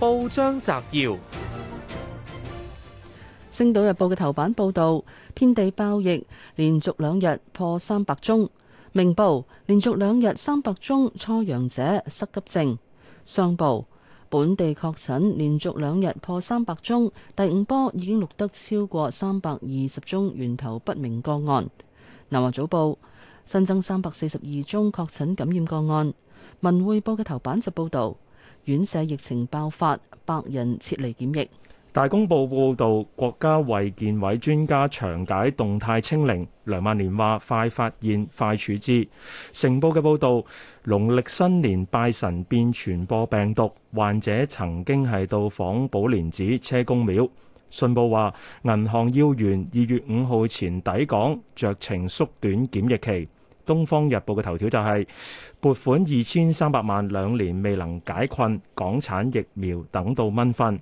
報章摘要：《星島日報》嘅頭版報道，遍地爆疫，連續兩日破三百宗。明報連續兩日三百宗初陽者失急症。商報本地確診連續兩日破三百宗，第五波已經錄得超過三百二十宗源頭不明個案。南華早報新增三百四十二宗確診感染個案。文匯報嘅頭版就報道。院舍疫情爆發，百人撤離檢疫。大公報報道，國家衛健委專家詳解動態清零。梁萬年話：快發現，快處置。成報嘅報道，農曆新年拜神變傳播病毒，患者曾經係到訪寶蓮寺、車公廟。信報話，銀行要員二月五號前抵港，酌情縮短檢疫期。《東方日報》嘅頭條就係：撥款二千三百萬兩年未能解困，港產疫苗等到蚊瞓。《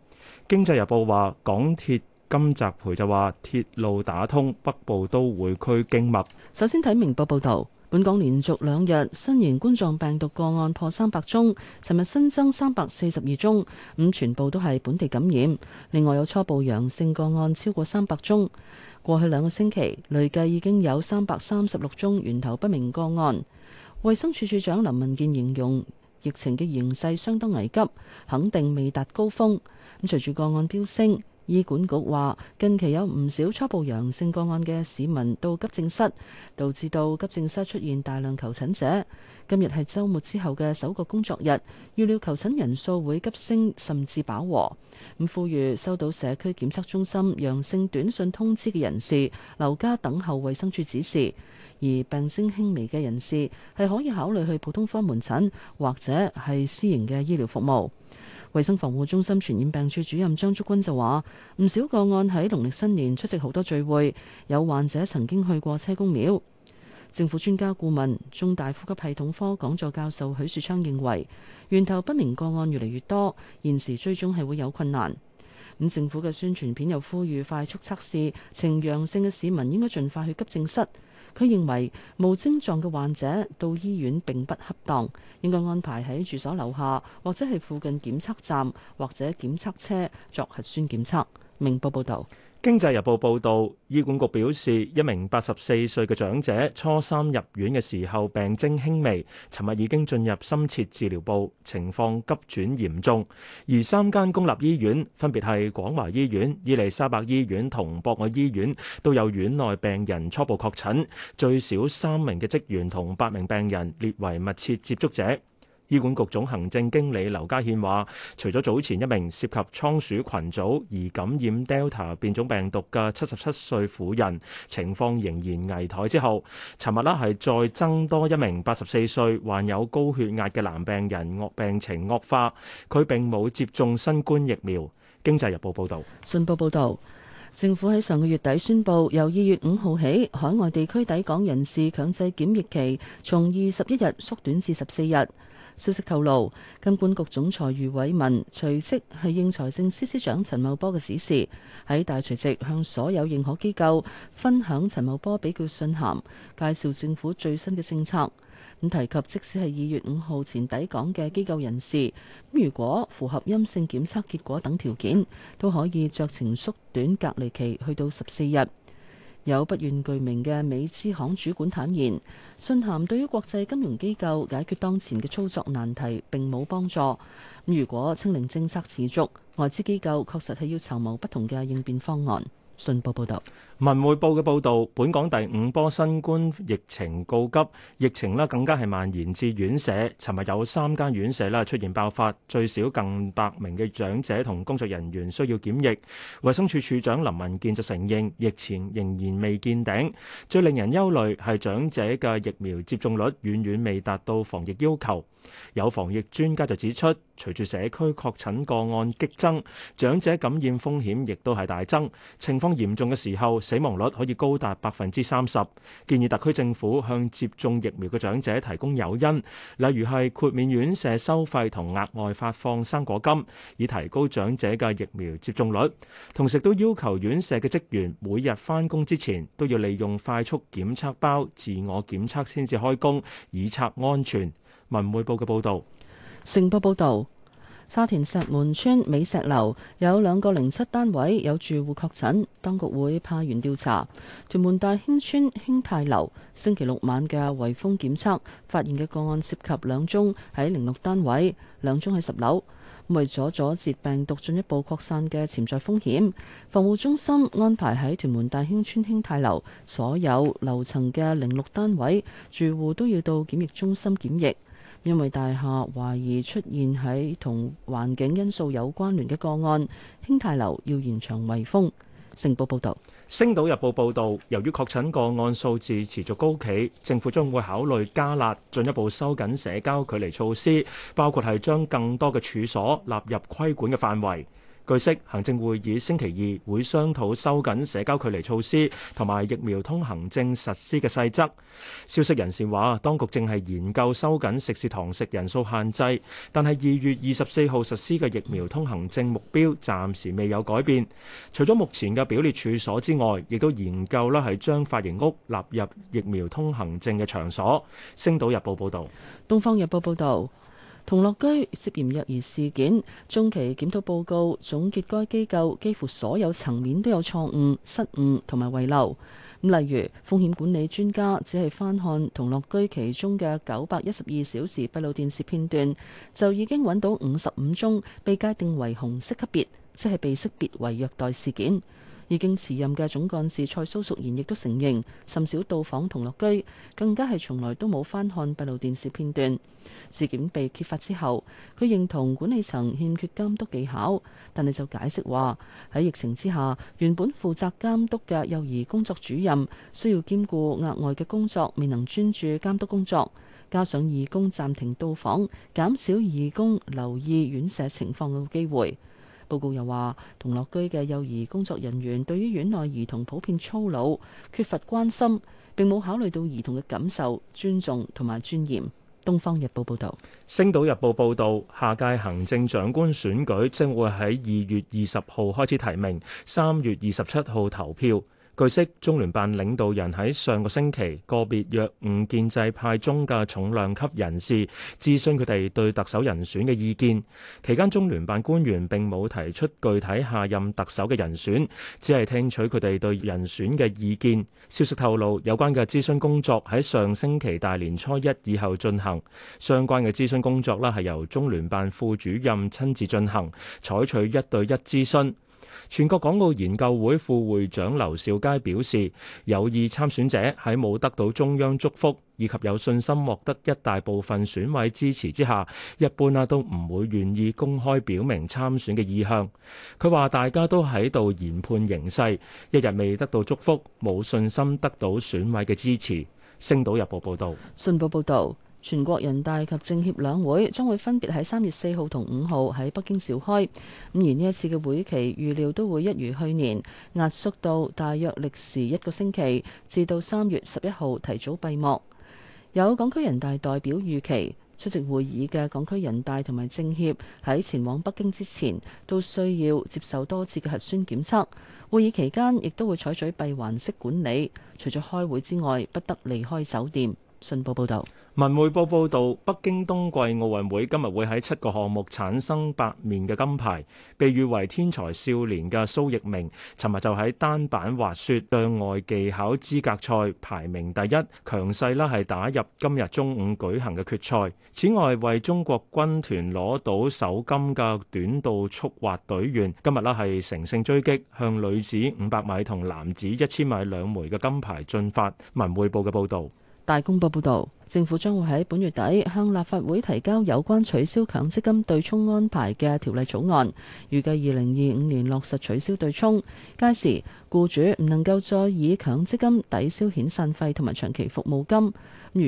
經濟日報》話，港鐵金澤培就話，鐵路打通北部都會區經脈。首先睇明報報導。本港連續兩日新型冠冠狀病毒個案破三百宗，尋日新增三百四十二宗，咁全部都係本地感染。另外有初步陽性個案超過三百宗。過去兩個星期累計已經有三百三十六宗源頭不明個案。衛生署署長林文健形容疫情嘅形勢相當危急，肯定未達高峰。咁隨住個案飆升。醫管局話：近期有唔少初步陽性個案嘅市民到急症室，導致到急症室出現大量求診者。今日係週末之後嘅首個工作日，預料求診人數會急升，甚至飽和。咁，呼籲收到社區檢測中心陽性短信通知嘅人士留家等候衛生署指示；而病徵輕微嘅人士係可以考慮去普通科門診或者係私營嘅醫療服務。衛生防護中心傳染病處主任張竹君就話：唔少個案喺農曆新年出席好多聚會，有患者曾經去過車公廟。政府專家顧問、中大呼吸系統科講座教授許樹昌認為，源頭不明個案越嚟越多，現時追蹤係會有困難。咁政府嘅宣傳片又呼籲快速測試，呈陽性嘅市民應該盡快去急症室。佢認為無症狀嘅患者到醫院並不恰當，應該安排喺住所樓下或者係附近檢測站或者檢測車作核酸檢測。明報報道。經濟日報報道，醫管局表示，一名八十四歲嘅長者初三入院嘅時候病徵輕微，尋日已經進入深切治療部，情況急轉嚴重。而三間公立醫院分別係廣華醫院、伊利沙伯醫院同博愛醫院，都有院內病人初步確診，最少三名嘅職員同八名病人列為密切接觸者。醫管局總行政經理劉家憲話，除咗早前一名涉及倉鼠群組而感染 Delta 變種病毒嘅七十七歲婦人情況仍然危殆之後，尋日呢係再增多一名八十四歲患有高血壓嘅男病人惡病情惡化，佢並冇接種新冠疫苗。經濟日報報道，信報報道，政府喺上個月底宣布，由二月五號起，海外地區抵港人士強制檢疫期從二十一日縮短至十四日。消息透露，金管局總裁余偉文隨即係應財政司司長陳茂波嘅指示，喺大除夕向所有認可機構分享陳茂波俾佢信函，介紹政府最新嘅政策。咁提及，即使係二月五號前抵港嘅機構人士，如果符合陰性檢測結果等條件，都可以酌情縮短隔離期，去到十四日。有不願具名嘅美資行主管坦言，信函對於國際金融機構解決當前嘅操作難題並冇幫助。如果清零政策持續，外資機構確實係要籌謀不同嘅應變方案。信報報導，文匯報嘅報導，本港第五波新冠疫情告急，疫情咧更加係蔓延至院舍。尋日有三間院舍咧出現爆發，最少近百名嘅長者同工作人員需要檢疫。衛生署署長林文健就承認，疫情仍然未見頂，最令人憂慮係長者嘅疫苗接種率遠遠未達到防疫要求。有防疫專家就指出，隨住社區確診個案激增，長者感染風險亦都係大增。情況嚴重嘅時候，死亡率可以高達百分之三十。建議特區政府向接種疫苗嘅長者提供誘因，例如係豁免院舍收費同額外發放生果金，以提高長者嘅疫苗接種率。同時都要求院舍嘅職員每日翻工之前都要利用快速檢測包自我檢測先至開工，以策安全。文匯報嘅報道，成報報道，沙田石門村美石樓有兩個零七單位有住戶確診，當局會派員調查。屯門大興村興泰樓星期六晚嘅圍封檢測發現嘅個案涉及兩宗喺零六單位，兩宗喺十樓。為咗阻截病毒進一步擴散嘅潛在風險，防護中心安排喺屯門大興村興泰樓所有樓層嘅零六單位住戶都要到檢疫中心檢疫。因為大廈懷疑出現喺同環境因素有關聯嘅個案，興泰樓要延長圍封。成報報導，《星島日報》報導，由於確診個案數字持續高企，政府將會考慮加辣，進一步收緊社交距離措施，包括係將更多嘅處所納入規管嘅範圍。據悉，行政會議星期二會商討收緊社交距離措施同埋疫苗通行證實施嘅細則。消息人士話，當局正係研究收緊食肆堂食人數限制，但係二月二十四號實施嘅疫苗通行證目標暫時未有改變。除咗目前嘅表列處所之外，亦都研究啦係將髮型屋納入疫苗通行證嘅場所。星島日報報道。東方日報報道。同樂居涉嫌虐兒事件中期檢討報告總結，該機構幾乎所有層面都有錯誤、失誤同埋遺漏。咁例如風險管理專家只係翻看同樂居其中嘅九百一十二小時閉路電視片段，就已經揾到五十五宗被界定為紅色級別，即係被識別為虐待事件。已經辭任嘅總幹事蔡蘇淑賢亦都承認甚少到訪同樂居，更加係從來都冇翻看閉路電視片段。事件被揭發之後，佢認同管理層欠缺監督技巧，但係就解釋話喺疫情之下，原本負責監督嘅幼兒工作主任需要兼顧額外嘅工作，未能專注監督工作，加上義工暫停到訪，減少義工留意院舍情況嘅機會。報告又話，同樂居嘅幼兒工作人員對於院內兒童普遍粗魯，缺乏關心，並冇考慮到兒童嘅感受、尊重同埋尊嚴。《東方日報》報道。《星島日報》報道：「下屆行政長官選舉將會喺二月二十號開始提名，三月二十七號投票。據悉，中聯辦領導人喺上個星期，個別約晤建制派中嘅重量級人士諮詢佢哋對特首人選嘅意見。期間，中聯辦官員並冇提出具體下任特首嘅人選，只係聽取佢哋對人選嘅意見。消息透露，有關嘅諮詢工作喺上星期大年初一以後進行。相關嘅諮詢工作啦，係由中聯辦副主任親自進行，採取一對一諮詢。全國港澳研究會副會長劉兆佳表示，有意參選者喺冇得到中央祝福以及有信心獲得一大部分選委支持之下，一般啊都唔會願意公開表明參選嘅意向。佢話大家都喺度研判形勢，一日未得到祝福，冇信心得到選委嘅支持。星島日報報道，信報報道。全國人大及政協兩會將會分別喺三月四號同五號喺北京召開。咁而呢一次嘅會期預料都會一如去年，壓縮到大約歷時一個星期，至到三月十一號提早閉幕。有港區人大代表預期出席會議嘅港區人大同埋政協喺前往北京之前都需要接受多次嘅核酸檢測。會議期間亦都會採取閉環式管理，除咗開會之外不得離開酒店。信報報道，文匯報報道，北京冬季奧運會今日會喺七個項目產生八面嘅金牌。被譽為天才少年嘅蘇翊鳴，尋日就喺單板滑雪障礙技巧資格賽排名第一，強勢啦係打入今日中午舉行嘅決賽。此外，為中國軍團攞到首金嘅短道速滑隊員今日呢係乘勝追擊，向女子五百米同男子一千米兩枚嘅金牌進發。文匯報嘅報道。大公報報導，政府將會喺本月底向立法會提交有關取消強積金對沖安排嘅條例草案，預計二零二五年落實取消對沖。屆時，雇主唔能夠再以強積金抵消遣散費同埋長期服務金。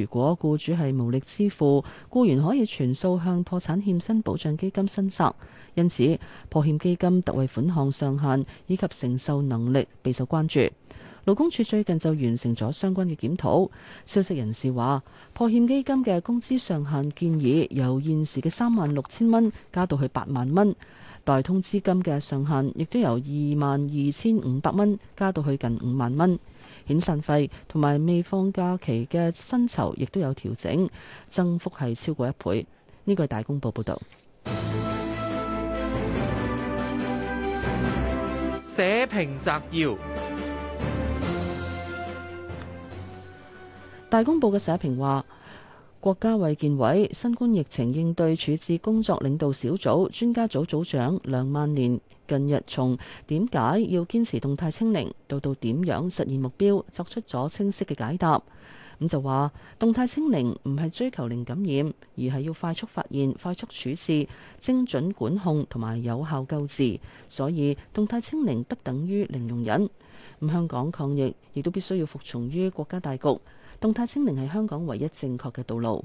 如果雇主係無力支付，僱員可以全數向破產欠薪保障基金申索。因此，破欠基金特惠款項上限以及承受能力備受關注。勞工處最近就完成咗相關嘅檢討。消息人士話，破欠基金嘅工資上限建議由現時嘅三萬六千蚊加到去八萬蚊，代通資金嘅上限亦都由二萬二千五百蚊加到去近五萬蚊，遣散費同埋未放假期嘅薪酬亦都有調整，增幅係超過一倍。呢個係大公報報道。社評摘要。大公報嘅社評話：國家衛健委新冠疫情應對處置工作領導小組專家組組長梁萬年近日從點解要堅持動態清零到到點樣實現目標，作出咗清晰嘅解答。咁、嗯、就話動態清零唔係追求零感染，而係要快速發現、快速處置、精準管控同埋有效救治。所以動態清零不等於零容忍。咁、嗯、香港抗疫亦都必須要服從於國家大局。動態清零係香港唯一正確嘅道路。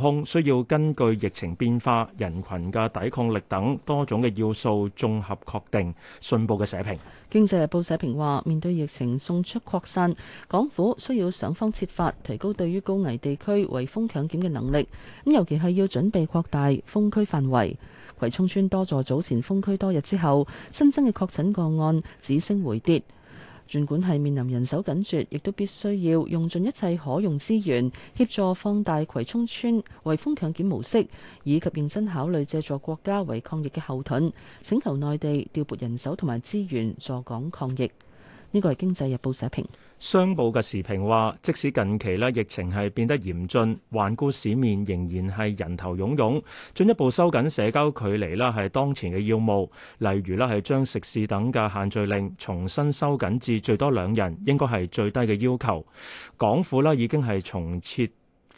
空需要根據疫情變化、人群嘅抵抗力等多種嘅要素綜合確定，信報嘅社評。經濟日報社評話，面對疫情送出擴散，港府需要想方設法提高對於高危地區圍封強檢嘅能力。咁尤其係要準備擴大封區範圍。葵涌村多座早前封區多日之後，新增嘅確診個案止升回跌。儘管係面臨人手緊絀，亦都必須要用盡一切可用資源協助放大葵涌村圍封強檢模式，以及認真考慮借助國家為抗疫嘅後盾，請求內地調撥人手同埋資源助港抗疫。呢、這個係《經濟日報》社評。商報嘅時評話，即使近期呢疫情係變得嚴峻，環顧市面仍然係人頭湧湧，進一步收緊社交距離咧係當前嘅要務。例如呢係將食肆等嘅限聚令重新收緊至最多兩人，應該係最低嘅要求。港府呢已經係重設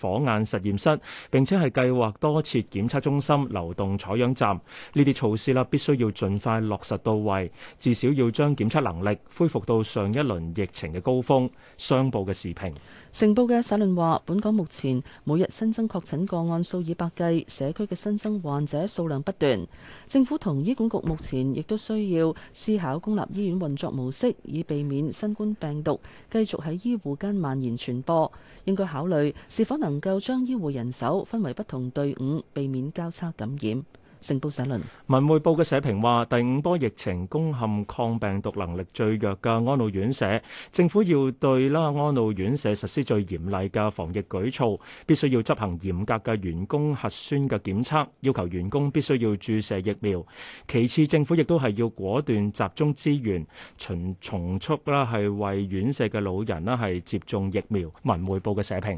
火眼實驗室，並且係計劃多設檢測中心、流動採樣站呢啲措施啦，必須要盡快落實到位，至少要將檢測能力恢復到上一輪疫情嘅高峰。商報嘅時評，成報嘅社論話，本港目前每日新增確診個案數以百計，社區嘅新增患者數量不斷。政府同醫管局目前亦都需要思考公立醫院運作模式，以避免新冠病毒繼續喺醫護間蔓延傳播。應該考慮是否能。能夠將醫護人手分為不同隊伍，避免交叉感染。成報社論，《文匯報》嘅社評話：第五波疫情攻陷抗病毒能力最弱嘅安老院舍，政府要對啦安老院舍實施最嚴厲嘅防疫舉措，必須要執行嚴格嘅員工核酸嘅檢測，要求員工必須要注射疫苗。其次，政府亦都係要果斷集中資源，從從速啦，係為院舍嘅老人啦係接種疫苗。《文匯報》嘅社評。